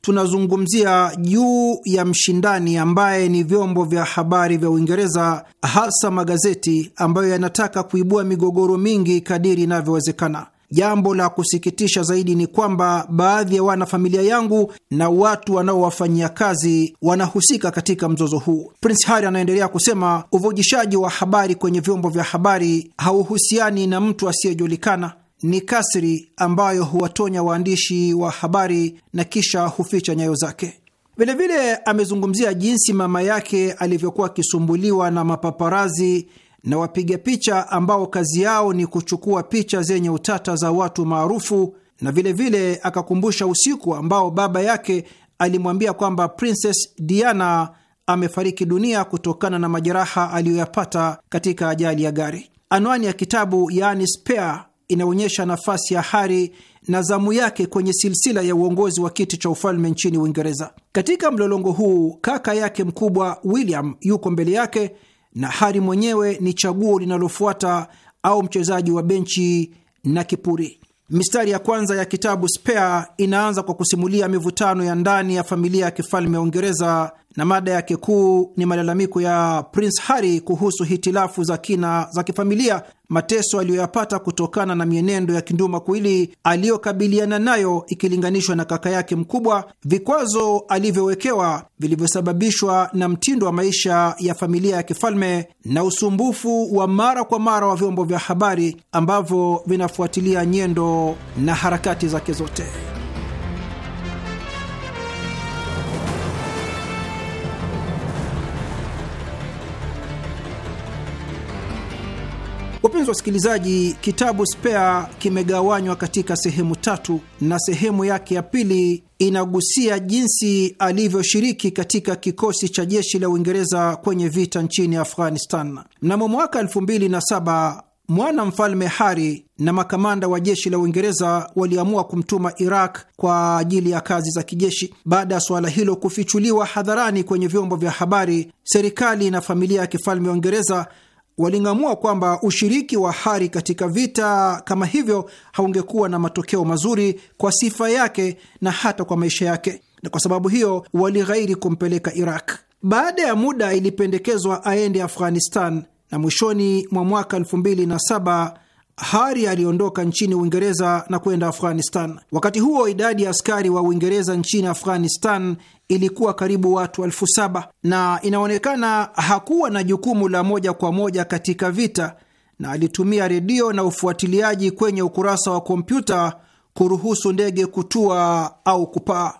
[SPEAKER 4] tunazungumzia juu ya mshindani ambaye ni vyombo vya habari vya Uingereza, hasa magazeti ambayo yanataka kuibua migogoro mingi kadiri inavyowezekana. Jambo la kusikitisha zaidi ni kwamba baadhi ya wanafamilia yangu na watu wanaowafanyia kazi wanahusika katika mzozo huu. Prince Harry anaendelea kusema, uvujishaji wa habari kwenye vyombo vya habari hauhusiani na mtu asiyejulikana, ni kasri ambayo huwatonya waandishi wa habari na kisha huficha nyayo zake. Vilevile amezungumzia jinsi mama yake alivyokuwa akisumbuliwa na mapaparazi na wapiga picha ambao kazi yao ni kuchukua picha zenye utata za watu maarufu, na vilevile vile akakumbusha usiku ambao baba yake alimwambia kwamba Princess Diana amefariki dunia kutokana na majeraha aliyoyapata katika ajali ya gari. Anwani ya kitabu yaani Spare inaonyesha nafasi ya Hari na zamu yake kwenye silsila ya uongozi wa kiti cha ufalme nchini Uingereza. Katika mlolongo huu, kaka yake mkubwa William yuko mbele yake na hari mwenyewe ni chaguo linalofuata au mchezaji wa benchi na kipuri. Mistari ya kwanza ya kitabu Spare inaanza kwa kusimulia mivutano ya ndani ya familia ya kifalme ya Uingereza na mada yake kuu ni malalamiko ya Prince Harry kuhusu hitilafu za kina za kifamilia, mateso aliyoyapata kutokana na mienendo ya kinduma kuili aliyokabiliana nayo ikilinganishwa na kaka yake mkubwa, vikwazo alivyowekewa vilivyosababishwa na mtindo wa maisha ya familia ya kifalme na usumbufu wa mara kwa mara wa vyombo vya habari ambavyo vinafuatilia nyendo na harakati zake zote. Wapenzi wasikilizaji, kitabu Spare kimegawanywa katika sehemu tatu, na sehemu yake ya pili inagusia jinsi alivyoshiriki katika kikosi cha jeshi la Uingereza kwenye vita nchini Afghanistan. Mnamo mwaka 2007 mwana mfalme Hari na makamanda wa jeshi la Uingereza waliamua kumtuma Iraq kwa ajili ya kazi za kijeshi. Baada ya suala hilo kufichuliwa hadharani kwenye vyombo vya habari, serikali na familia ya kifalme wa Uingereza waling'amua kwamba ushiriki wa Hari katika vita kama hivyo haungekuwa na matokeo mazuri kwa sifa yake na hata kwa maisha yake, na kwa sababu hiyo walighairi kumpeleka Iraq. Baada ya muda, ilipendekezwa aende Afghanistan na mwishoni mwa mwaka elfu mbili na saba Hari aliondoka nchini Uingereza na kwenda Afghanistan. Wakati huo idadi ya askari wa Uingereza nchini Afghanistan ilikuwa karibu watu elfu saba na inaonekana hakuwa na jukumu la moja kwa moja katika vita, na alitumia redio na ufuatiliaji kwenye ukurasa wa kompyuta kuruhusu ndege kutua au kupaa.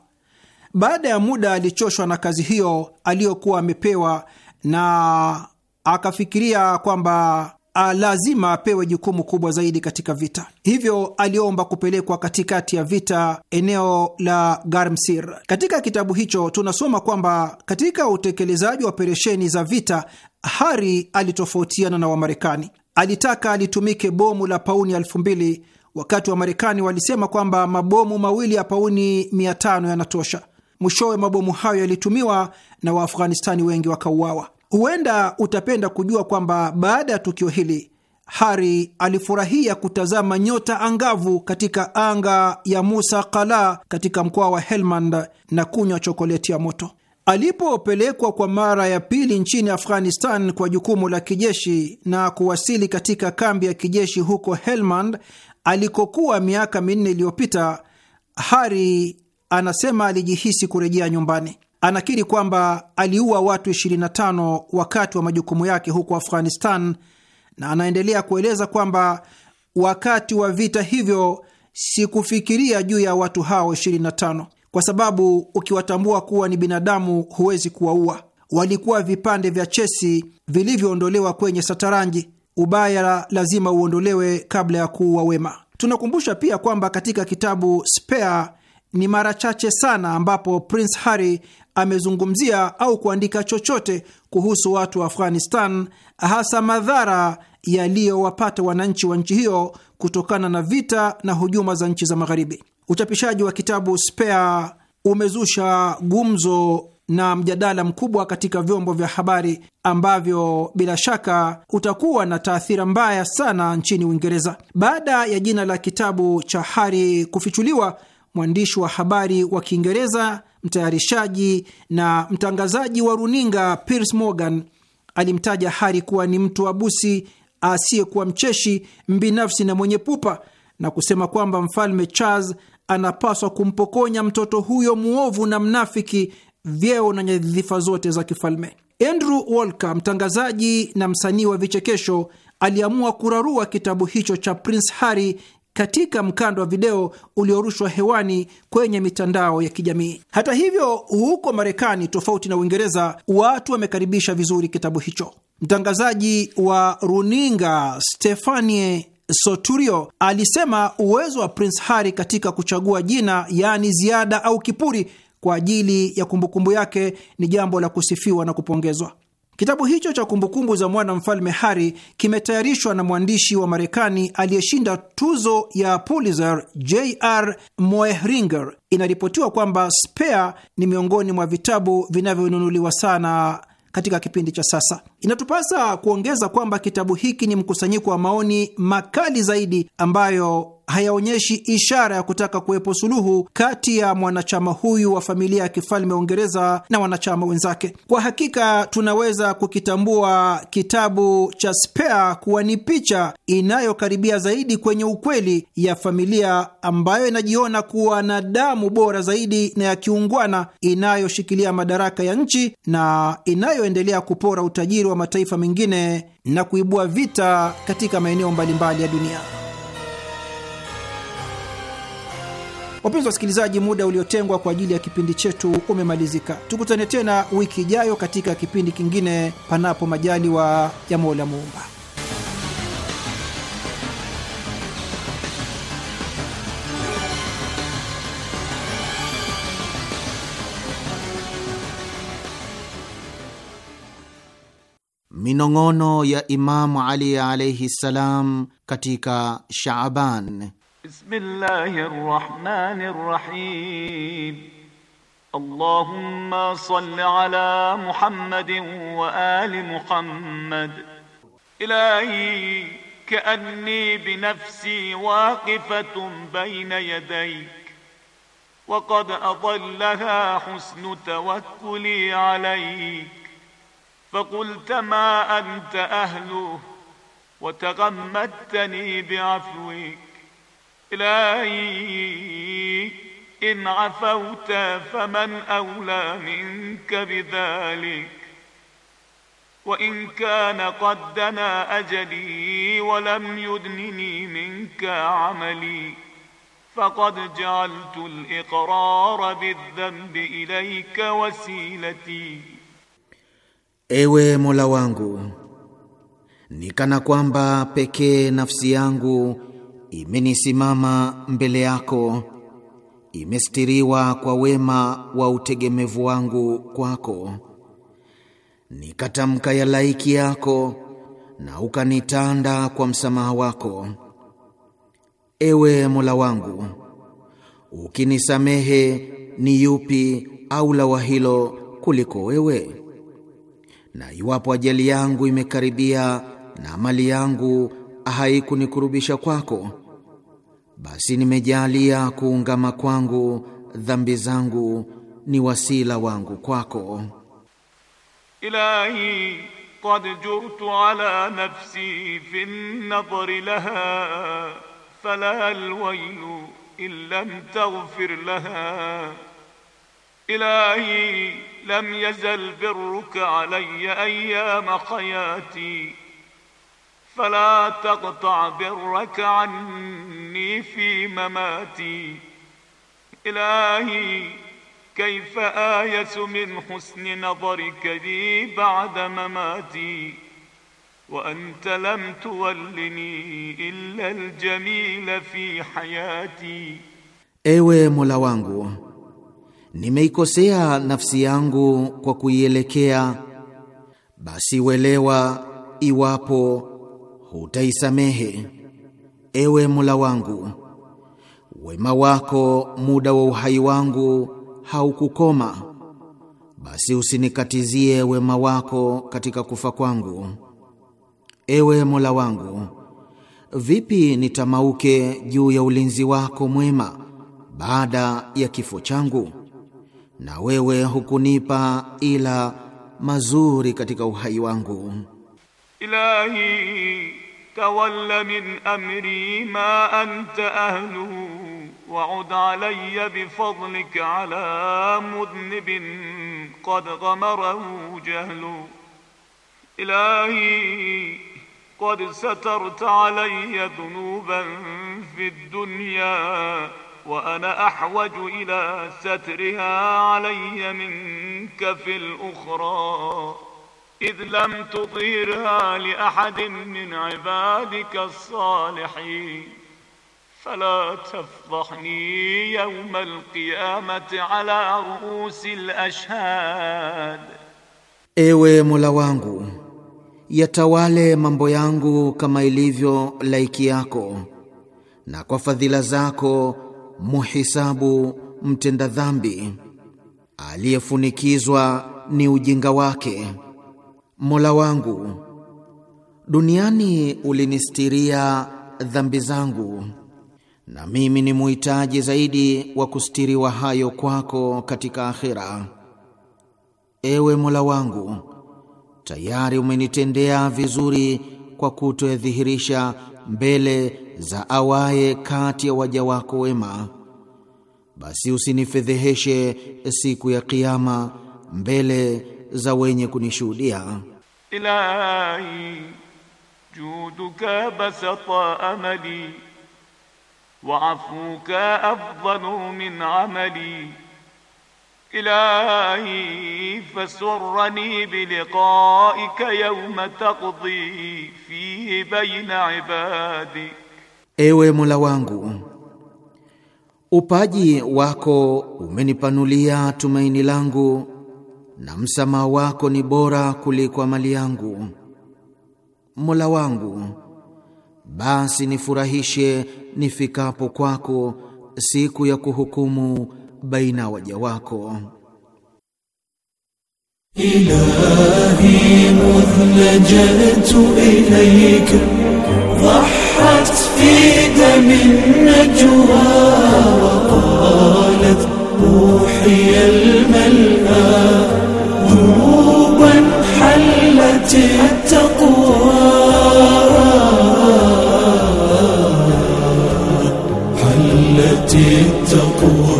[SPEAKER 4] Baada ya muda alichoshwa na kazi hiyo aliyokuwa amepewa na akafikiria kwamba a, lazima apewe jukumu kubwa zaidi katika vita. Hivyo aliomba kupelekwa katikati ya vita eneo la Garmsir. Katika kitabu hicho tunasoma kwamba katika utekelezaji wa operesheni za vita, Hari alitofautiana na Wamarekani. Alitaka alitumike bomu la pauni elfu mbili wakati wa Marekani walisema kwamba mabomu mawili ya pauni mia tano yanatosha. Mwishowe mabomu hayo yalitumiwa na Waafghanistani wengi wakauawa. Huenda utapenda kujua kwamba baada ya tukio hili Hari alifurahia kutazama nyota angavu katika anga ya Musa Qala katika mkoa wa Helmand na kunywa chokoleti ya moto. Alipopelekwa kwa mara ya pili nchini Afghanistan kwa jukumu la kijeshi na kuwasili katika kambi ya kijeshi huko Helmand alikokuwa miaka minne iliyopita, Hari anasema alijihisi kurejea nyumbani anakiri kwamba aliua watu 25 wakati wa majukumu yake huko Afghanistan, na anaendelea kueleza kwamba wakati wa vita hivyo sikufikiria juu ya watu hao 25 kwa sababu ukiwatambua kuwa ni binadamu huwezi kuwaua. Walikuwa vipande vya chesi vilivyoondolewa kwenye sataranji. Ubaya lazima uondolewe kabla ya kuua wema. Tunakumbusha pia kwamba katika kitabu Spare ni mara chache sana ambapo Prince Harry amezungumzia au kuandika chochote kuhusu watu wa Afghanistan, hasa madhara yaliyowapata wananchi wa nchi hiyo kutokana na vita na hujuma za nchi za Magharibi. Uchapishaji wa kitabu Spare umezusha gumzo na mjadala mkubwa katika vyombo vya habari ambavyo bila shaka utakuwa na taathira mbaya sana nchini Uingereza. Baada ya jina la kitabu cha Hari kufichuliwa, mwandishi wa habari wa Kiingereza mtayarishaji na mtangazaji wa runinga Piers Morgan alimtaja Hari kuwa ni mtu abusi asiyekuwa mcheshi, mbinafsi na mwenye pupa, na kusema kwamba mfalme Charles anapaswa kumpokonya mtoto huyo muovu na mnafiki vyeo na nyadhifa zote za kifalme. Andrew Walker, mtangazaji na msanii wa vichekesho, aliamua kurarua kitabu hicho cha Prince Harry katika mkando wa video uliorushwa hewani kwenye mitandao ya kijamii. Hata hivyo, huko Marekani, tofauti na Uingereza, watu wamekaribisha vizuri kitabu hicho. Mtangazaji wa runinga Stefanie Soturio alisema uwezo wa Prince Harry katika kuchagua jina, yaani ziada au kipuri, kwa ajili ya kumbukumbu yake ni jambo la kusifiwa na kupongezwa. Kitabu hicho cha kumbukumbu za mwana mfalme Harry kimetayarishwa na mwandishi wa Marekani aliyeshinda tuzo ya Pulitzer J.R. Moehringer. Inaripotiwa kwamba Spare ni miongoni mwa vitabu vinavyonunuliwa sana katika kipindi cha sasa. Inatupasa kuongeza kwamba kitabu hiki ni mkusanyiko wa maoni makali zaidi ambayo hayaonyeshi ishara ya kutaka kuwepo suluhu kati ya mwanachama huyu wa familia ya kifalme wa Uingereza na wanachama wenzake. Kwa hakika tunaweza kukitambua kitabu cha Spare kuwa ni picha inayokaribia zaidi kwenye ukweli ya familia ambayo inajiona kuwa na damu bora zaidi na ya kiungwana inayoshikilia madaraka ya nchi na inayoendelea kupora utajiri wa mataifa mengine na kuibua vita katika maeneo mbalimbali ya dunia. Wapenzi wasikilizaji, muda uliotengwa kwa ajili ya kipindi chetu umemalizika. Tukutane tena wiki ijayo katika kipindi kingine, panapo majaliwa ya Mola Muumba.
[SPEAKER 5] Minong'ono ya Imamu Ali alaihi salam katika Shaaban.
[SPEAKER 6] بسم الله الرحمن الرحيم اللهم صل على محمد وآل محمد إلهي كأني بنفسي واقفة بين يديك وقد أضلها حسن توكلي عليك فقلت ما أنت أهله وتغمدتني بعفوك ilahi in afauta faman aula minka bidhalik وإن كان قد دنا أجلي ولم يدنني منك عملي فقد جعلت الإقرار بالذنب إليك وسيلتي
[SPEAKER 5] Ewe Mola wangu, nikana kwamba pekee nafsi yangu imenisimama mbele yako, imestiriwa kwa wema wa utegemevu wangu kwako. Nikatamka ya laiki yako na ukanitanda kwa msamaha wako. Ewe Mola wangu, ukinisamehe ni yupi au la wa hilo kuliko wewe? Na iwapo ajali yangu imekaribia na mali yangu haikunikurubisha kwako, basi nimejalia kuungama kwangu dhambi zangu ni wasila wangu kwako.
[SPEAKER 6] Ilahi qad jurtu ala nafsi fi nadhri laha fala alwaylu illa lam taghfir laha ilahi lam yazal birruka alayya ayyama hayati fala taqta birraka anni fi mamati ilahi kaifa ayatu min husni nadharika li ba'da mamati wa anta lam tuwallini illa aljamila fi hayati,
[SPEAKER 5] ewe Mola wangu, nimeikosea nafsi yangu kwa kuielekea, basi welewa iwapo utaisamehe. Ewe Mola wangu, wema wako muda wa uhai wangu haukukoma, basi usinikatizie wema wako katika kufa kwangu. Ewe Mola wangu, vipi nitamauke juu ya ulinzi wako mwema baada ya kifo changu, na wewe hukunipa ila mazuri katika uhai wangu.
[SPEAKER 6] Ilahi تول من أمري ما أنت أهله وعد علي بفضلك على مذنب قد غمره جهل إلهي قد سترت علي ذنوبا في الدنيا وأنا أحوج إلى سترها علي منك في الأخرى idh لم tudhirha li من عبادك الصالحين فلا تفضحني يوم tafdhahni على رؤوس qiyamati ala ru'usi al
[SPEAKER 5] Ewe Mola wangu, yatawale mambo yangu kama ilivyo laiki yako, na kwa fadhila zako muhisabu mtenda dhambi aliyefunikizwa ni ujinga wake Mola wangu, duniani ulinistiria dhambi zangu, na mimi ni muhitaji zaidi wa kustiriwa hayo kwako katika akhira. Ewe Mola wangu, tayari umenitendea vizuri kwa kutoyadhihirisha mbele za awaye kati ya waja wako wema, basi usinifedheheshe siku ya Kiyama mbele za wenye kunishuhudia.
[SPEAKER 6] Ilahi juduka basata amali wa afuka afdalu min amali Ilahi fasurrani biliqaika yawma taqdi fihi baina ibadi,
[SPEAKER 5] Ewe Mola wangu, upaji wako umenipanulia tumaini langu na msamaha wako ni bora kuliko mali yangu. Mola wangu, basi nifurahishe nifikapo kwako siku ya kuhukumu baina waja wako.
[SPEAKER 7] Ilahi ilayka fi najwa wa qalat ruhi ذنوبا حلت التقوى حلت التقوى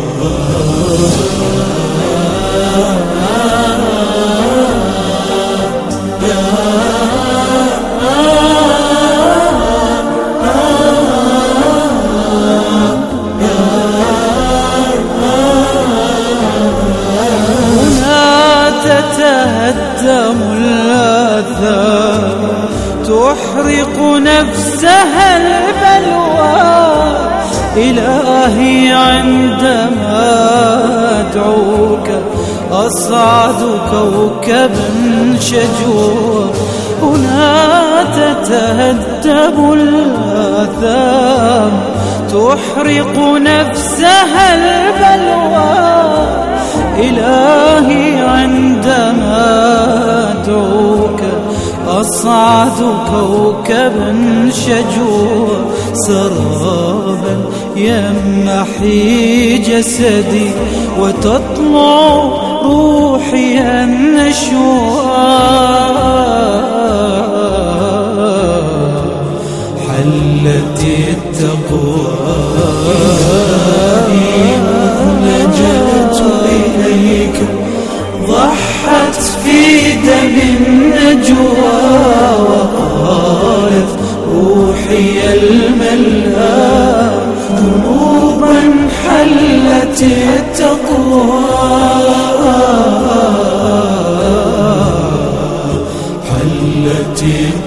[SPEAKER 7] ماذا تحرق نفسها البلوى إلهي عندما أدعوك أصعد كوكبا شجوا هنا تتهدب الآثام تحرق نفسها البلوى إلهي عندما أدعوك أصعد كوكبا شجوع سرابا يمحي جسدي وتطلع روحي النشوى حلت التقوى إليك ضحى وقفت في دم النجوى وقالت روحي الملهى ذنوبا حلت التقوى حلت التقوى